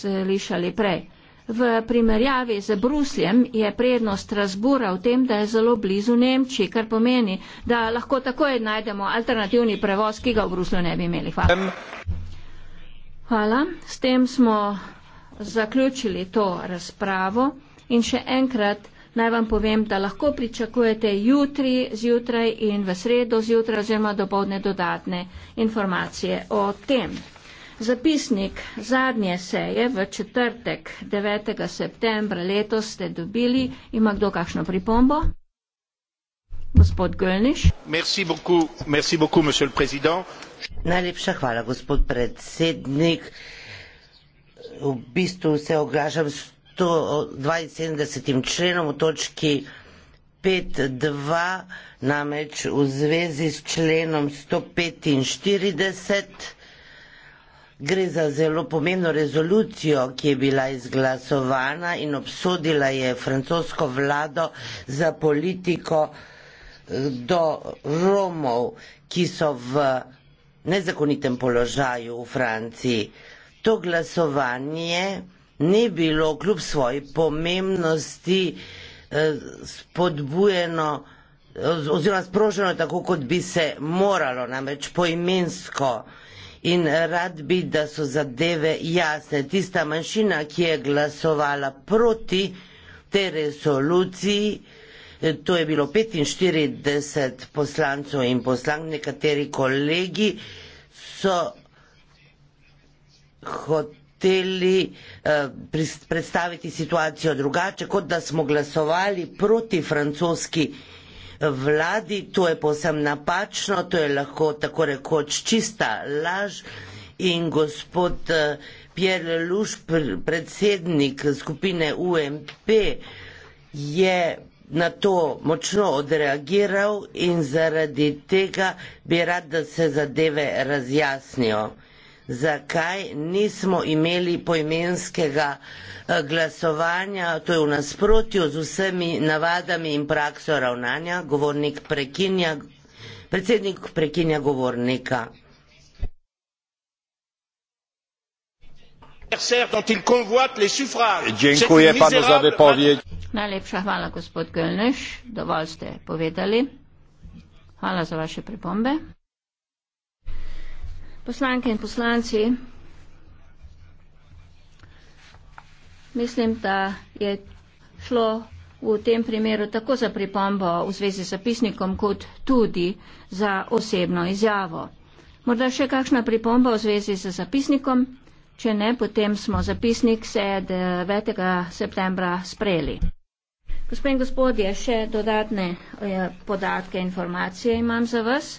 slišali prej. V primerjavi z Brusljem je prednost razbora v tem, da je zelo blizu Nemčiji, kar pomeni, da lahko takoj najdemo alternativni prevoz, ki ga v Bruslju ne bi imeli. Hvala. Hvala. S tem smo zaključili to razpravo in še enkrat naj vam povem, da lahko pričakujete jutri zjutraj in v sredo zjutraj oziroma dopovdne dodatne informacije o tem. Zapisnik zadnje seje v četrtek 9. septembra letos ste dobili. Ima kdo kakšno pripombo? Gospod Gölniš. Merci beaucoup, merci beaucoup, monsieur le président. Najlepša hvala, gospod predsednik. V bistvu se oglašam s 172. členom v točki 5.2, namreč v zvezi s členom 145. Gre za zelo pomeno rezolucijo, ki je bila izglasovana in obsodila je francosko vlado za politiko eh, do Romov, ki so v nezakonitem položaju v Franciji. To glasovanje ni bilo kljub svoji pomembnosti eh, spodbujeno eh, oziroma sproženo tako, kot bi se moralo, namreč poimensko in rad bi, da so zadeve jasne. Tista manjšina, ki je glasovala proti tej resoluciji, eh, to je bilo 45 poslancev in poslank, nekateri kolegi so hoteli uh, predstaviti situacijo drugače, kot da smo glasovali proti francoski vladi, to je posem napačno, to je lahko tako rekoč čista laž in gospod eh, Pierre Luš, predsednik skupine UMP, je na to močno odreagiral in zaradi tega bi rad, da se zadeve razjasnijo zakaj nismo imeli poimenskega eh, glasovanja, to je v nasprotju z vsemi navadami in prakso ravnanja, govornik prekinja, predsednik prekinja govornika. Dziękuję panu za wypowiedź. Najlepsza chwała, gospod Gelnysz. Dowolste powiedzieli. Chwała za wasze przypombe. Poslanke in poslanci, mislim, da je šlo v tem primeru tako za pripombo v zvezi s pisnikom, kot tudi za osebno izjavo. Morda še kakšna pripomba v zvezi s zapisnikom, če ne, potem smo zapisnik se 9. septembra sprejeli. Gospod in gospodje, še dodatne eh, podatke, informacije imam za vas.